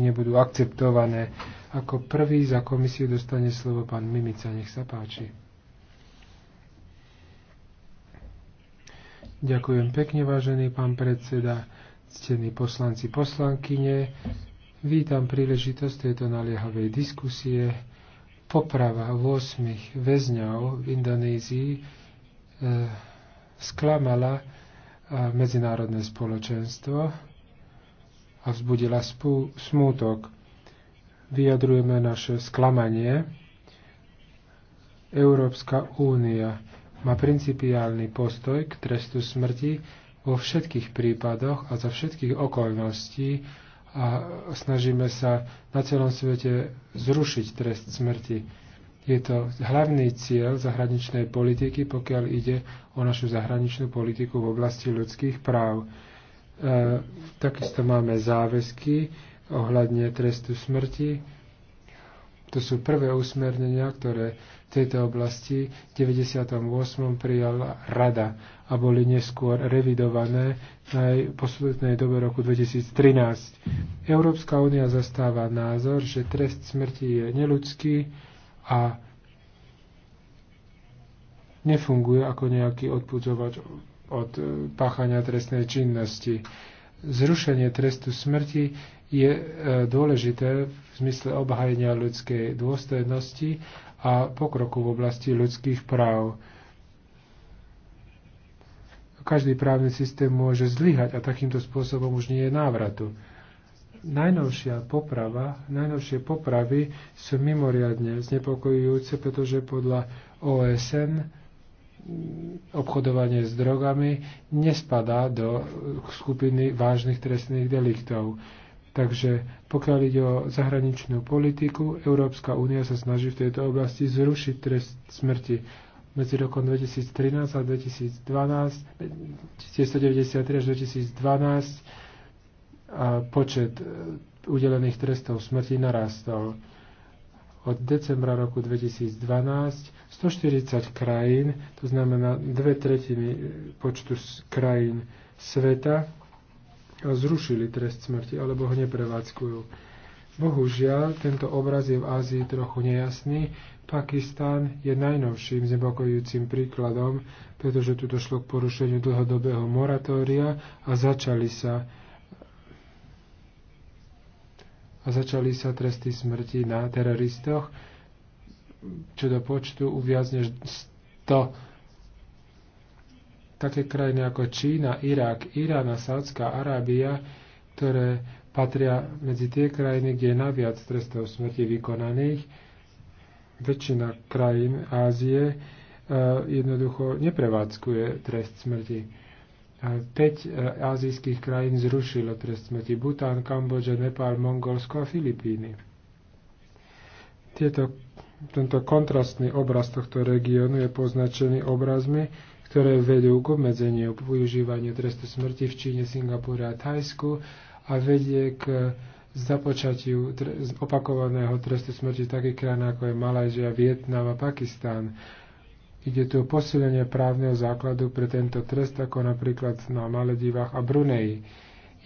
otázky nebudú akceptované. Ako prvý za komisiu dostane slovo pán Mimica, nech sa páči. Ďakujem pekne, vážený pán predseda, ctení poslanci, poslankyne. Vítam príležitosť tejto naliehavej diskusie. Poprava 8 väzňov v Indonézii e, sklamala eh, medzinárodné spoločenstvo a vzbudila spú- smútok. Vyjadrujeme naše sklamanie. Európska únia má principiálny postoj k trestu smrti vo všetkých prípadoch a za všetkých okolností a snažíme sa na celom svete zrušiť trest smrti. Je to hlavný cieľ zahraničnej politiky, pokiaľ ide o našu zahraničnú politiku v oblasti ľudských práv. Takisto máme záväzky ohľadne trestu smrti. To sú prvé usmernenia, ktoré v tejto oblasti v 98. prijala rada a boli neskôr revidované v poslednej dobe roku 2013. Európska únia zastáva názor, že trest smrti je neludský a nefunguje ako nejaký odpudzovač od e, páchania trestnej činnosti. Zrušenie trestu smrti je e, dôležité v zmysle obhajenia ľudskej dôstojnosti a pokroku v oblasti ľudských práv. Každý právny systém môže zlyhať a takýmto spôsobom už nie je návratu. Najnovšia poprava, najnovšie popravy sú mimoriadne znepokojujúce, pretože podľa OSN obchodovanie s drogami nespadá do skupiny vážnych trestných deliktov. Takže pokiaľ ide o zahraničnú politiku, Európska únia sa snaží v tejto oblasti zrušiť trest smrti. Medzi rokom 2013 a 2012, 1993 až 2012 a počet e, udelených trestov smrti narastol od decembra roku 2012 140 krajín, to znamená dve tretiny počtu krajín sveta, zrušili trest smrti alebo ho neprevádzkujú. Bohužiaľ, tento obraz je v Ázii trochu nejasný. Pakistán je najnovším znepokojujúcim príkladom, pretože tu došlo k porušeniu dlhodobého moratória a začali sa a začali sa tresty smrti na teroristoch, čo do počtu uviac než 100 také krajiny ako Čína, Irak, Irán a Sádzka Arábia, ktoré patria medzi tie krajiny, kde je naviac trestov smrti vykonaných, väčšina krajín Ázie eh, jednoducho neprevádzkuje trest smrti. 5 e, azijských krajín zrušilo trest smrti. Bután, Kambodža, Nepál, Mongolsko a Filipíny. Tieto, tento kontrastný obraz tohto regiónu je poznačený obrazmi, ktoré vedú k obmedzeniu k využívaniu trestu smrti v Číne, Singapúre a Thajsku a vedie k započatiu opakovaného trestu smrti v takých krajinách ako je Malajzia, Vietnam a Pakistán. Ide tu o posilenie právneho základu pre tento trest, ako napríklad na Maledivách a Bruneji.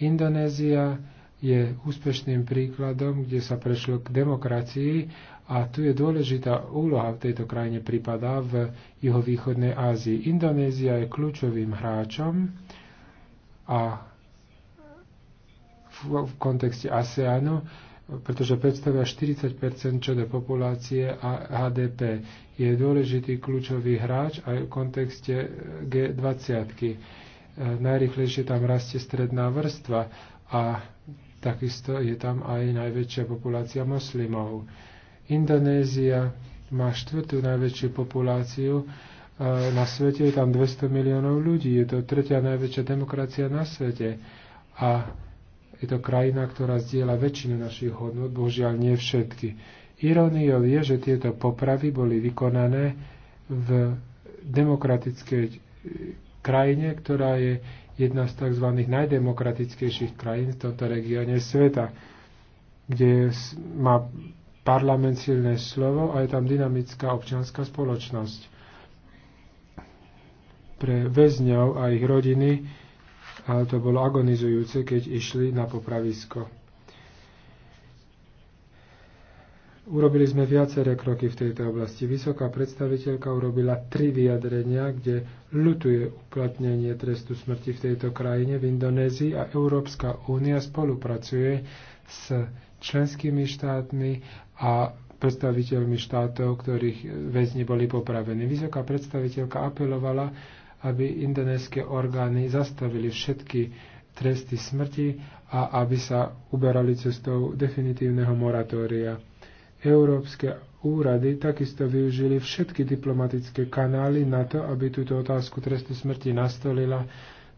Indonézia je úspešným príkladom, kde sa prešlo k demokracii a tu je dôležitá úloha v tejto krajine prípada v juhovýchodnej Ázii. Indonézia je kľúčovým hráčom a v, v kontexte ASEANu pretože predstavia 40 čodo populácie a HDP. Je dôležitý kľúčový hráč aj v kontexte G20. -ky. E, najrychlejšie tam rastie stredná vrstva a takisto je tam aj najväčšia populácia moslimov. Indonézia má štvrtú najväčšiu populáciu e, na svete, je tam 200 miliónov ľudí, je to tretia najväčšia demokracia na svete. A je to krajina, ktorá zdieľa väčšinu našich hodnot, bohužiaľ nie všetky. Iróniou je, že tieto popravy boli vykonané v demokratickej e, krajine, ktorá je jedna z tzv. najdemokratickejších krajín v tomto regióne sveta, kde má parlament silné slovo a je tam dynamická občianská spoločnosť. Pre väzňov a ich rodiny ale to bolo agonizujúce, keď išli na popravisko. Urobili sme viaceré kroky v tejto oblasti. Vysoká predstaviteľka urobila tri vyjadrenia, kde lutuje uplatnenie trestu smrti v tejto krajine, v Indonézii a Európska únia spolupracuje s členskými štátmi a predstaviteľmi štátov, ktorých väzni boli popravení. Vysoká predstaviteľka apelovala aby indonéske orgány zastavili všetky tresty smrti a aby sa uberali cestou definitívneho moratória. Európske úrady takisto využili všetky diplomatické kanály na to, aby túto otázku trestu smrti nastolila,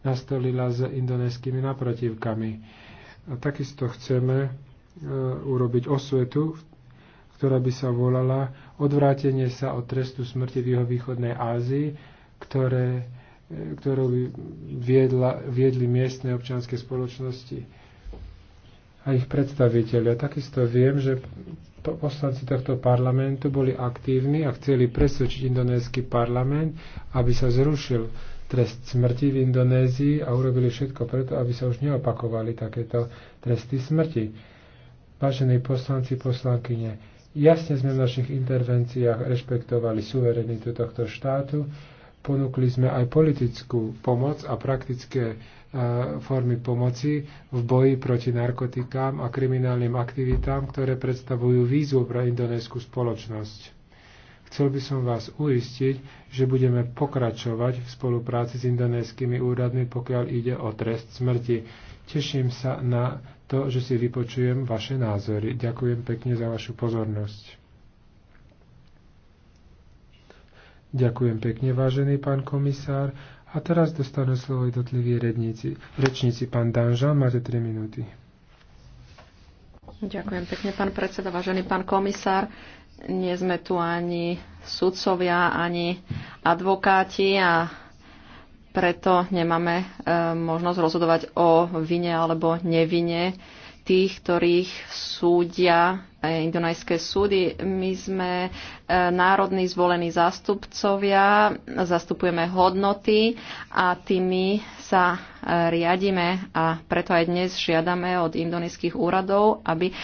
nastolila s indonéskými naprotivkami. A takisto chceme e, urobiť osvetu, ktorá by sa volala odvrátenie sa od trestu smrti v jeho východnej Ázii, ktoré ktorú viedla, viedli miestne občianske spoločnosti a ich predstaviteľia. Takisto viem, že poslanci tohto parlamentu boli aktívni a chceli presvedčiť indonésky parlament, aby sa zrušil trest smrti v Indonézii a urobili všetko preto, aby sa už neopakovali takéto tresty smrti. Vážení poslanci, poslankyne, jasne sme v našich intervenciách rešpektovali suverenitu tohto štátu, ponúkli sme aj politickú pomoc a praktické e, formy pomoci v boji proti narkotikám a kriminálnym aktivitám, ktoré predstavujú výzvu pre indonésku spoločnosť. Chcel by som vás uistiť, že budeme pokračovať v spolupráci s indonéskými úradmi, pokiaľ ide o trest smrti. Teším sa na to, že si vypočujem vaše názory. Ďakujem pekne za vašu pozornosť. Ďakujem pekne, vážený pán komisár. A teraz dostanú slovo jednotliví redníci. Rečníci, pán Danžan, máte 3 minúty. Ďakujem pekne, pán predseda, vážený pán komisár. Nie sme tu ani sudcovia, ani advokáti a preto nemáme e, možnosť rozhodovať o vine alebo nevine tých, ktorých súdia E, indonajské súdy. My sme e, národní zvolení zástupcovia, zastupujeme hodnoty a tými sa e, riadime a preto aj dnes žiadame od indoneských úradov, aby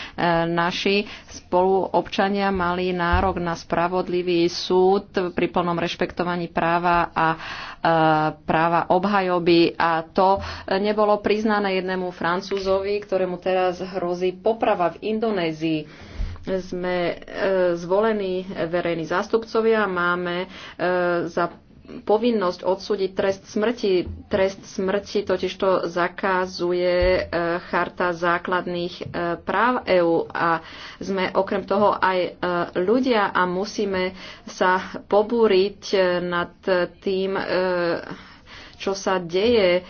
naši spoluobčania mali nárok na spravodlivý súd pri plnom rešpektovaní práva a práva obhajoby a to nebolo priznané jednému Francúzovi, ktorému teraz hrozí poprava v Indonézii sme e, zvolení verejní zástupcovia, máme e, za povinnosť odsúdiť trest smrti. Trest smrti totiž to zakazuje e, charta základných práv EÚ a sme okrem toho aj ľudia a musíme sa pobúriť nad tým, čo sa deje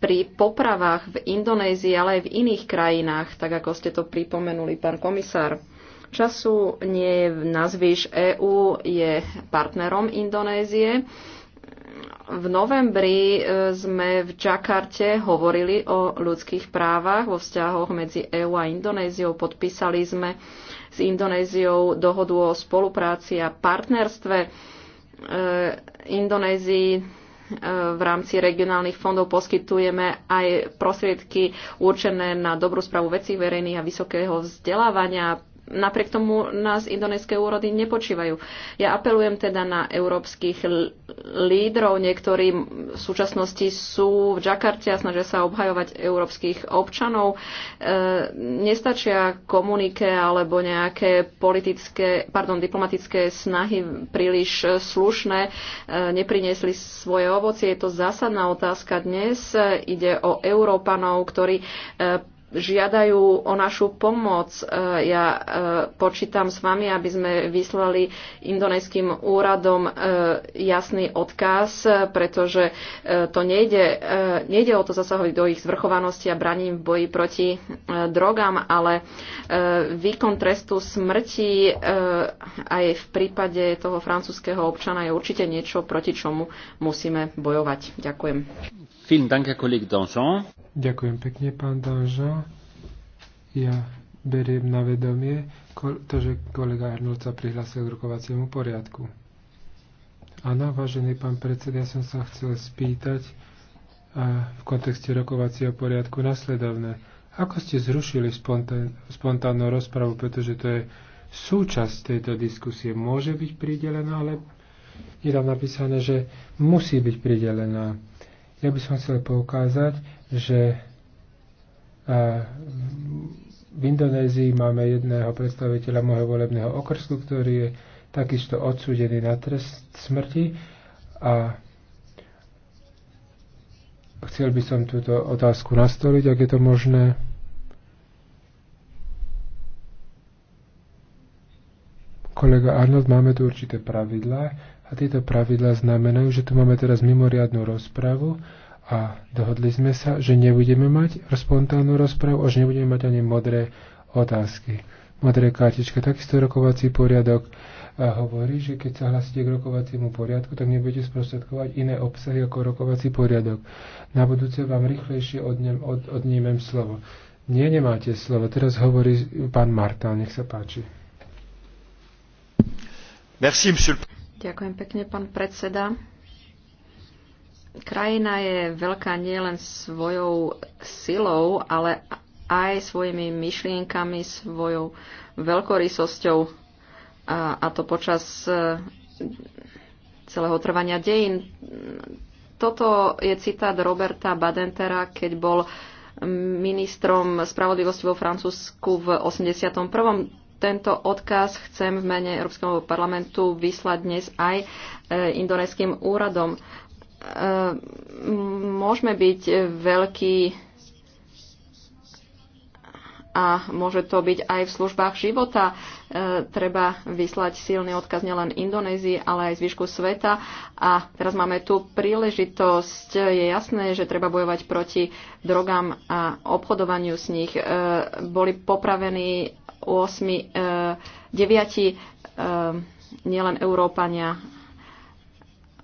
pri popravách v Indonézii, ale aj v iných krajinách, tak ako ste to pripomenuli, pán komisár. Času nie je nazvíš EÚ, je partnerom Indonézie. V novembri e, sme v Čakarte hovorili o ľudských právach vo vzťahoch medzi EÚ a Indonéziou. Podpísali sme s Indonéziou dohodu o spolupráci a partnerstve. E, Indonézii v rámci regionálnych fondov poskytujeme aj prostriedky určené na dobrú správu vecí verejných a vysokého vzdelávania napriek tomu nás indonéske úrody nepočívajú. Ja apelujem teda na európskych lídrov, niektorí v súčasnosti sú v Džakarte a snažia sa obhajovať európskych občanov. E, nestačia komunike alebo nejaké politické, pardon, diplomatické snahy príliš slušné, e, nepriniesli svoje ovocie. Je to zásadná otázka dnes. E, ide o Európanov, ktorí e, žiadajú o našu pomoc. E, ja e, počítam s vami, aby sme vyslali indonejským úradom e, jasný odkaz, pretože to nejde, nejde o to zasahovať do ich zvrchovanosti a braním v boji proti drogám, ale výkon trestu smrti aj v prípade toho francúzského občana je určite niečo, proti čomu musíme bojovať. Ďakujem. Ďakujem pekne, pán Danžan. Ja beriem na vedomie to, že kolega Arnold sa prihlásil k rokovaciemu poriadku. Áno, vážený pán predseda, ja som sa chcel spýtať a v kontexte rokovacieho poriadku nasledovné. Ako ste zrušili spontán, spontánnu rozpravu, pretože to je súčasť tejto diskusie. Môže byť pridelená, ale je tam napísané, že musí byť pridelená. Ja by som chcel poukázať, že v Indonézii máme jedného predstaviteľa môjho volebného okrsku, ktorý je takisto odsúdený na trest smrti a chcel by som túto otázku nastoliť, ak je to možné. Kolega Arnold, máme tu určité pravidlá, a tieto pravidla znamenajú, že tu máme teraz mimoriadnú rozpravu a dohodli sme sa, že nebudeme mať spontánnu rozpravu a že nebudeme mať ani modré otázky. Modré kartička. Takisto rokovací poriadok hovorí, že keď sa hlasíte k rokovaciemu poriadku, tak nebudete sprostredkovať iné obsahy ako rokovací poriadok. Na budúce vám rýchlejšie odnem, od, odnímem slovo. Nie, nemáte slovo. Teraz hovorí pán Marta, nech sa páči. Merci, monsieur Ďakujem pekne, pán predseda. Krajina je veľká nielen svojou silou, ale aj svojimi myšlienkami, svojou veľkorysosťou a, a to počas e, celého trvania dejín. Toto je citát Roberta Badentera, keď bol ministrom spravodlivosti vo Francúzsku v 81 tento odkaz chcem v mene Európskeho parlamentu vyslať dnes aj e, indonéským úradom. E, môžeme byť veľký a môže to byť aj v službách života. E, treba vyslať silný odkaz nielen Indonézii, ale aj zvyšku sveta. A teraz máme tu príležitosť. Je jasné, že treba bojovať proti drogám a obchodovaniu s nich. E, boli popravení 9 e, e, nielen Európania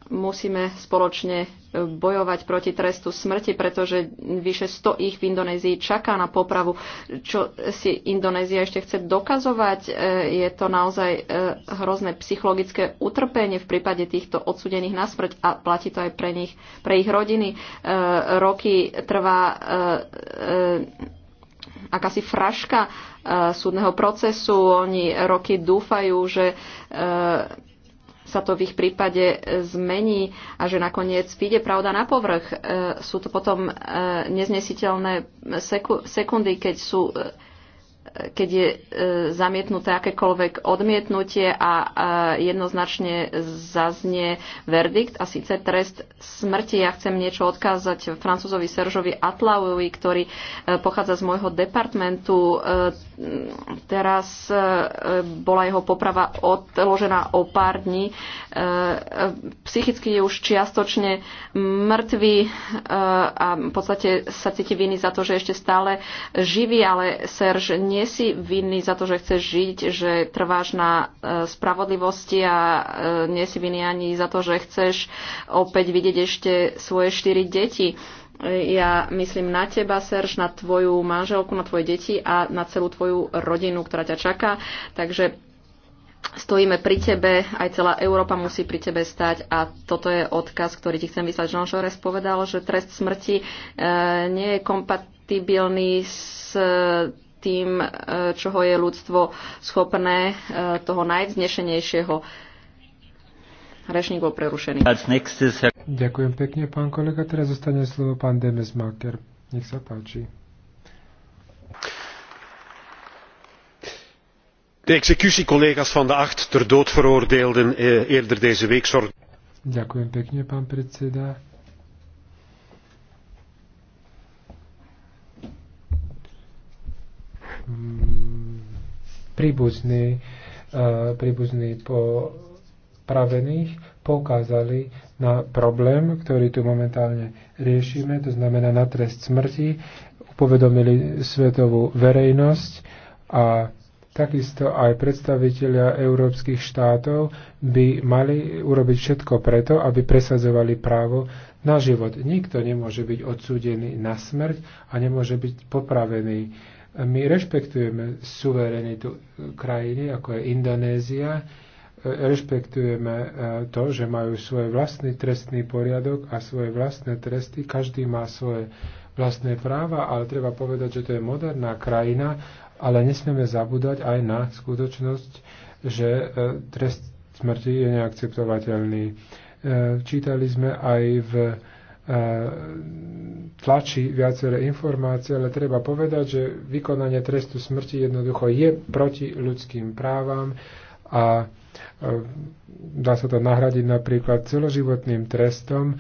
musíme spoločne e, bojovať proti trestu smrti, pretože vyše 100 ich v Indonézii čaká na popravu. Čo si Indonézia ešte chce dokazovať, je to naozaj hrozné psychologické utrpenie v prípade týchto odsudených na smrť a platí to aj pre nich, pre ich rodiny. Roky trvá akási fraška súdneho procesu. Oni roky dúfajú, že e, sa to v ich prípade zmení a že nakoniec vyjde pravda na povrch. E, sú to potom e, neznesiteľné sekundy, keď sú keď je e, zamietnuté akékoľvek odmietnutie a e, jednoznačne zaznie verdikt a síce trest smrti. Ja chcem niečo odkázať francúzovi Seržovi Atlauovi, ktorý e, pochádza z môjho departmentu. Teraz bola jeho poprava odložená o pár dní. Psychicky je už čiastočne mŕtvy a v podstate sa cíti viny za to, že ešte stále živý, ale Serž nie nie si vinný za to, že chceš žiť, že trváš na e, spravodlivosti a e, nie si vinný ani za to, že chceš opäť vidieť ešte svoje štyri deti. E, ja myslím na teba, Serž, na tvoju manželku, na tvoje deti a na celú tvoju rodinu, ktorá ťa čaká. Takže stojíme pri tebe, aj celá Európa musí pri tebe stať a toto je odkaz, ktorý ti chcem vyslať. Jean Jaurès povedal, že trest smrti e, nie je kompatibilný s tým, e, čoho je ľudstvo schopné, e, toho najvznešenejšieho. Rečník bol prerušený. Ďakujem pekne, pán kolega. Teraz zostane slovo pán Demesmaker. Nech sa páči. De executiecollega's van de acht ter dood veroordeelden eh, eerder deze week zorgden. Ďakujem pekne, pán predseda príbuzní, e, príbuzní po pravených poukázali na problém, ktorý tu momentálne riešime, to znamená na trest smrti, upovedomili svetovú verejnosť a takisto aj predstavitelia európskych štátov by mali urobiť všetko preto, aby presadzovali právo na život. Nikto nemôže byť odsúdený na smrť a nemôže byť popravený my rešpektujeme suverenitu krajiny, ako je Indonézia, e, rešpektujeme e, to, že majú svoj vlastný trestný poriadok a svoje vlastné tresty, každý má svoje vlastné práva, ale treba povedať, že to je moderná krajina, ale nesmieme zabúdať aj na skutočnosť, že e, trest smrti je neakceptovateľný. Čítali sme aj v tlačí viaceré informácie, ale treba povedať, že vykonanie trestu smrti jednoducho je proti ľudským právam a dá sa to nahradiť napríklad celoživotným trestom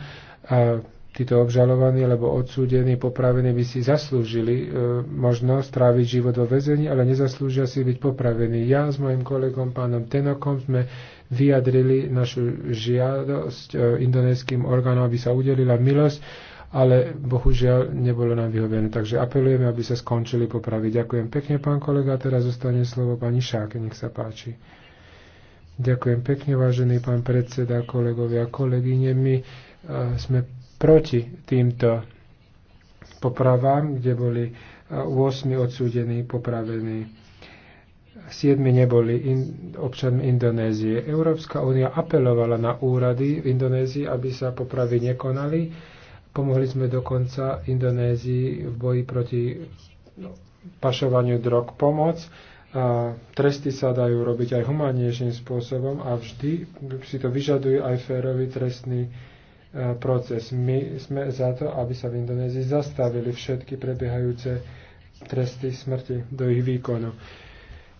títo obžalovaní alebo odsúdení, popravení by si zaslúžili e, možno stráviť život vo väzení, ale nezaslúžia si byť popravení. Ja s mojim kolegom pánom Tenokom sme vyjadrili našu žiadosť e, indonéským orgánom, aby sa udelila milosť, ale bohužiaľ nebolo nám vyhovené. Takže apelujeme, aby sa skončili popravy. Ďakujem pekne, pán kolega. Teraz zostane slovo pani Šáke. Nech sa páči. Ďakujem pekne, vážený pán predseda, kolegovia a kolegyne. My e, sme proti týmto popravám, kde boli 8 e, odsúdení, popravení. 7 neboli in, občanmi Indonézie. Európska únia apelovala na úrady v Indonézii, aby sa popravy nekonali. Pomohli sme dokonca Indonézii v boji proti no, pašovaniu drog pomoc. A tresty sa dajú robiť aj humánnejším spôsobom a vždy si to vyžaduje aj férový trestný E, proces. My sme za to, aby sa v Indonézii zastavili všetky prebiehajúce tresty smrti do ich výkonu.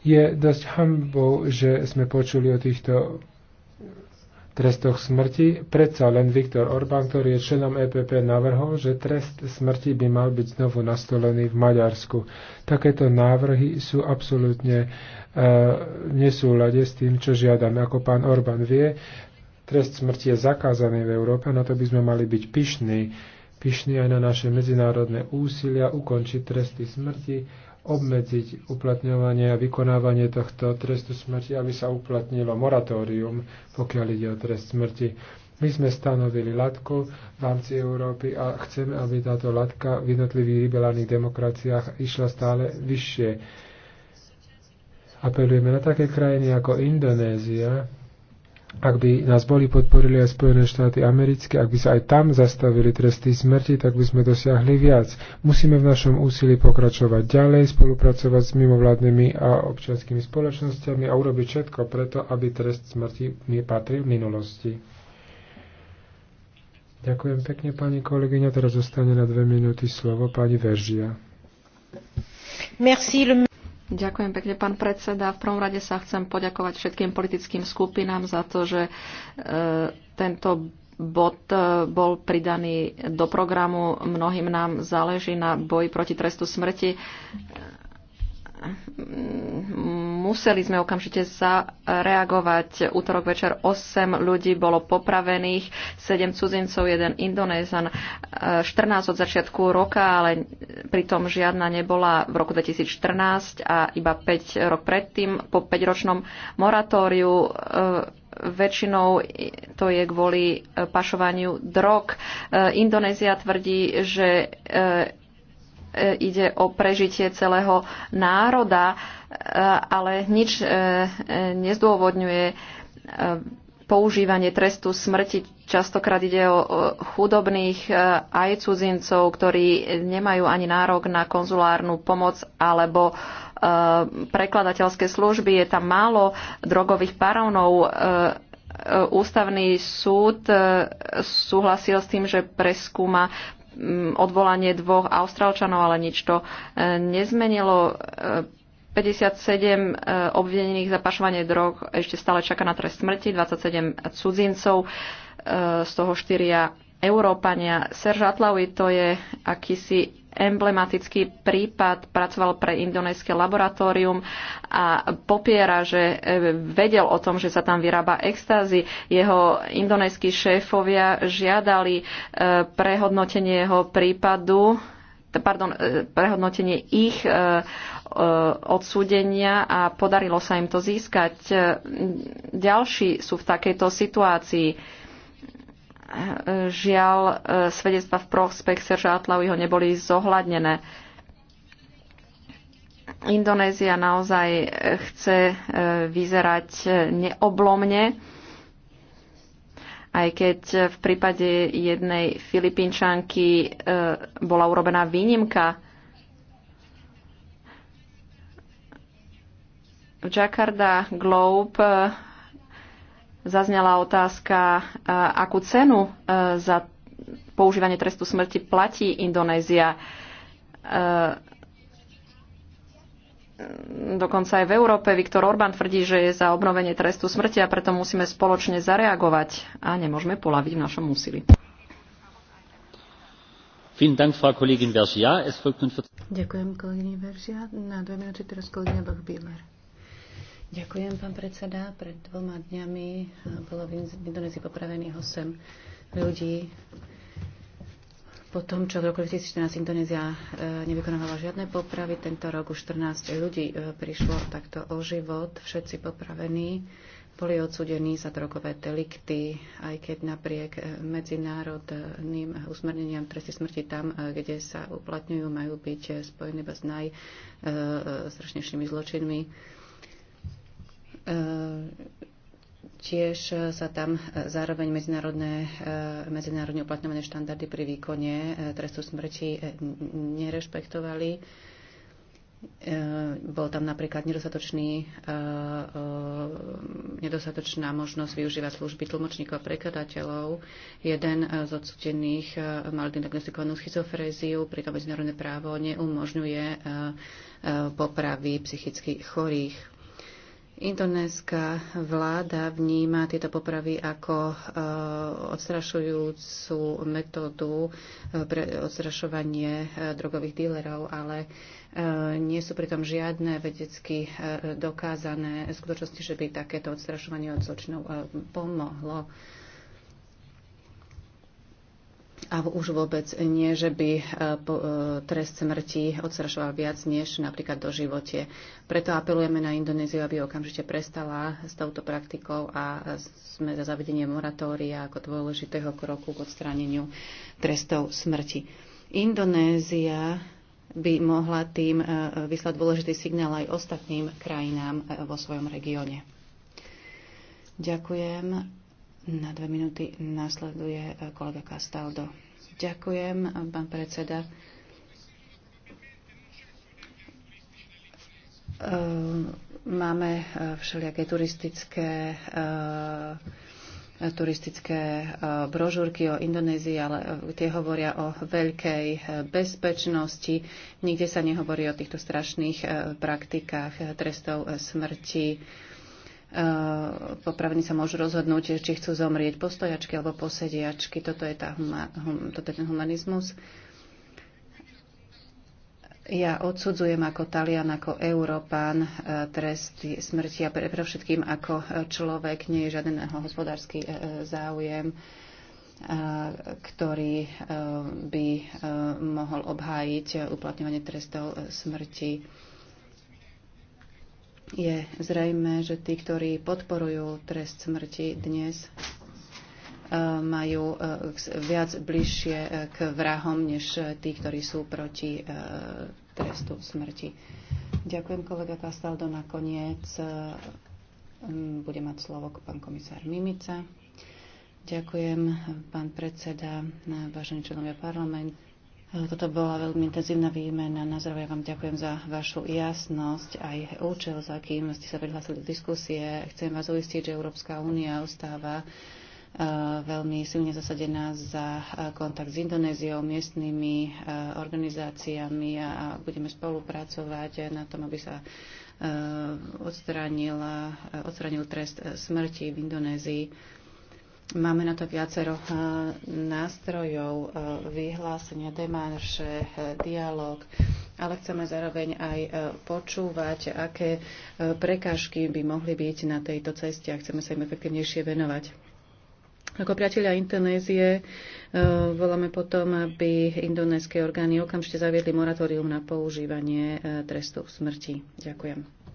Je dosť hambou, že sme počuli o týchto trestoch smrti. Predsa len Viktor Orbán, ktorý je členom EPP, navrhol, že trest smrti by mal byť znovu nastolený v Maďarsku. Takéto návrhy sú absolútne uh, nesúlade s tým, čo žiadame. Ako pán Orbán vie, Trest smrti je zakázaný v Európe, na to by sme mali byť pyšní. Pyšní aj na naše medzinárodné úsilia ukončiť tresty smrti, obmedziť uplatňovanie a vykonávanie tohto trestu smrti, aby sa uplatnilo moratórium, pokiaľ ide o trest smrti. My sme stanovili latku v rámci Európy a chceme, aby táto latka v jednotlivých liberálnych demokraciách išla stále vyššie. Apelujeme na také krajiny ako Indonézia, ak by nás boli podporili aj Spojené štáty americké, ak by sa aj tam zastavili tresty smrti, tak by sme dosiahli viac. Musíme v našom úsilí pokračovať ďalej, spolupracovať s mimovládnymi a občianskými spoločnosťami a urobiť všetko preto, aby trest smrti nepatril v minulosti. Ďakujem pekne, pani kolegyňa. Teraz zostane na dve minúty slovo pani Veržia. Merci, le Ďakujem pekne, pán predseda. V prvom rade sa chcem poďakovať všetkým politickým skupinám za to, že e, tento bod e, bol pridaný do programu. Mnohým nám záleží na boji proti trestu smrti e, museli sme okamžite zareagovať. Útorok večer 8 ľudí bolo popravených, 7 cudzincov, 1 Indonézan, 14 eh, od začiatku roka, ale pritom žiadna nebola v roku 2014 a iba 5 rok predtým po 5-ročnom moratóriu eh, väčšinou to je kvôli pašovaniu drog. Eh, Indonézia tvrdí, že ide o prežitie celého národa, e, ale nič e, nezdôvodňuje e, používanie trestu smrti. Častokrát ide o chudobných aj cudzincov, ktorí nemajú ani nárok na konzulárnu pomoc alebo prekladateľské služby. Je tam málo drogových parónov. Ústavný súd súhlasil s tým, že preskúma Mm, odvolanie dvoch Austrálčanov, ale nič to e, nezmenilo. 57 e, e, obvinených za pašovanie drog ešte stále čaká na trest smrti, 27 cudzincov, z toho štyria Európania. Serž Atlaoui to je akýsi emblematický prípad, pracoval pre indonéske laboratórium a popiera, že e, vedel o tom, že sa tam vyrába extázy. Jeho indonéskí šéfovia žiadali e, prehodnotenie jeho prípadu, pardon, e, prehodnotenie ich odsúdenia a podarilo sa im to získať. Ďalší sú v takejto situácii. Žiaľ, e, svedectva v prospech Serža Atlaujho neboli zohľadnené. Indonézia naozaj e, chce e, vyzerať neoblomne, aj keď v prípade jednej Filipínčanky bola urobená výnimka. Jakarta Globe zaznela otázka, akú cenu e, za používanie trestu smrti platí Indonézia. E, dokonca aj v Európe Viktor Orbán tvrdí, že je za obnovenie trestu smrti a preto musíme spoločne zareagovať a nemôžeme polaviť v našom úsilí. Ďakujem kolegyne Veržia. Na dve minúty teraz kolegyne Bach-Bieler. Ďakujem, pán predseda. Pred dvoma dňami eh, bolo v Indonézii popravených 8 ľudí. Po tom, čo v roku 2014 Indonézia eh, nevykonávala žiadne popravy, tento rok už 14 ľudí eh, prišlo takto o život, všetci popravení boli odsudení za drogové delikty, aj keď napriek medzinárodným usmerneniam tresty smrti tam, kde sa uplatňujú, majú byť spojené s najstrašnejšími zločinmi. E, tiež sa tam zároveň medzinárodné, e, medzinárodne uplatňované štandardy pri výkone e, trestu smrti nerešpektovali. Bol tam napríklad nedostatočný, nedostatočná možnosť využívať služby tlmočníkov a prekladateľov. Jeden z odsudených mal diagnostikovanú schizofréziu, pritom medzinárodné právo neumožňuje popravy psychicky chorých Indonéska vláda vníma tieto popravy ako eh, odstrašujúcu metódu eh, pre odstrašovanie eh, drogových dílerov, ale nie sú pritom žiadne vedecky dokázané skutočnosti, že by takéto odstrašovanie od zločinov pomohlo. A už vôbec nie, že by e, e, trest smrti odstrašoval viac než napríklad do živote. Preto apelujeme na Indonéziu, aby okamžite prestala s touto praktikou a sme za zavedenie moratória ako dôležitého kroku k odstráneniu trestov smrti. Indonézia by mohla tým e, vyslať dôležitý signál aj ostatným krajinám vo svojom regióne. Ďakujem. Na dve minúty následuje e, kolega Castaldo. Ďakujem, e, pán predseda. E, máme všelijaké turistické turistické brožúrky o Indonézii, ale tie hovoria o veľkej bezpečnosti. Nikde sa nehovorí o týchto strašných praktikách trestov smrti Eh, popravení sa môžu rozhodnúť, či chcú zomrieť postojačky alebo posediačky. Toto je, tá huma, hum, toto je ten humanizmus. Ja odsudzujem ako Talian, ako Európan eh, tresty smrti a pre, pre všetkým ako eh, človek nie je žiaden hospodársky záujem, ktorý by mohol obhájiť uplatňovanie trestov smrti je zrejme, že tí, ktorí podporujú trest smrti dnes, e, majú e, viac bližšie e, k vrahom, než tí, ktorí sú proti trestu smrti. Ďakujem, kolega Kastaldo. Nakoniec bude mať slovo pán komisár Mimica. Ďakujem, pán predseda, vážení členovia parlamentu. Toto bola veľmi intenzívna výmena názorov. Ja vám ďakujem za vašu jasnosť aj účel, za kým ste sa prihlásili do diskusie. Chcem vás uistiť, že Európska únia ostáva e, veľmi silne zasadená za e, kontakt s Indonéziou, miestnymi e, organizáciami a budeme spolupracovať na tom, aby sa odstranil trest smrti v Indonézii. Máme na to viacero eh, nástrojov, eh, vyhlásenia, demarše, eh, dialog, ale chceme zároveň aj počúvať, aké prekážky by mohli byť na tejto ceste a chceme sa im efektívnejšie venovať. Ako priatelia Indonézie voláme potom, aby indonéske orgány okamžite zaviedli moratórium na používanie trestu smrti. Ďakujem.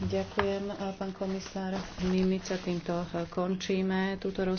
Ďakujem, pán komisár Mimica. Týmto eh, končíme túto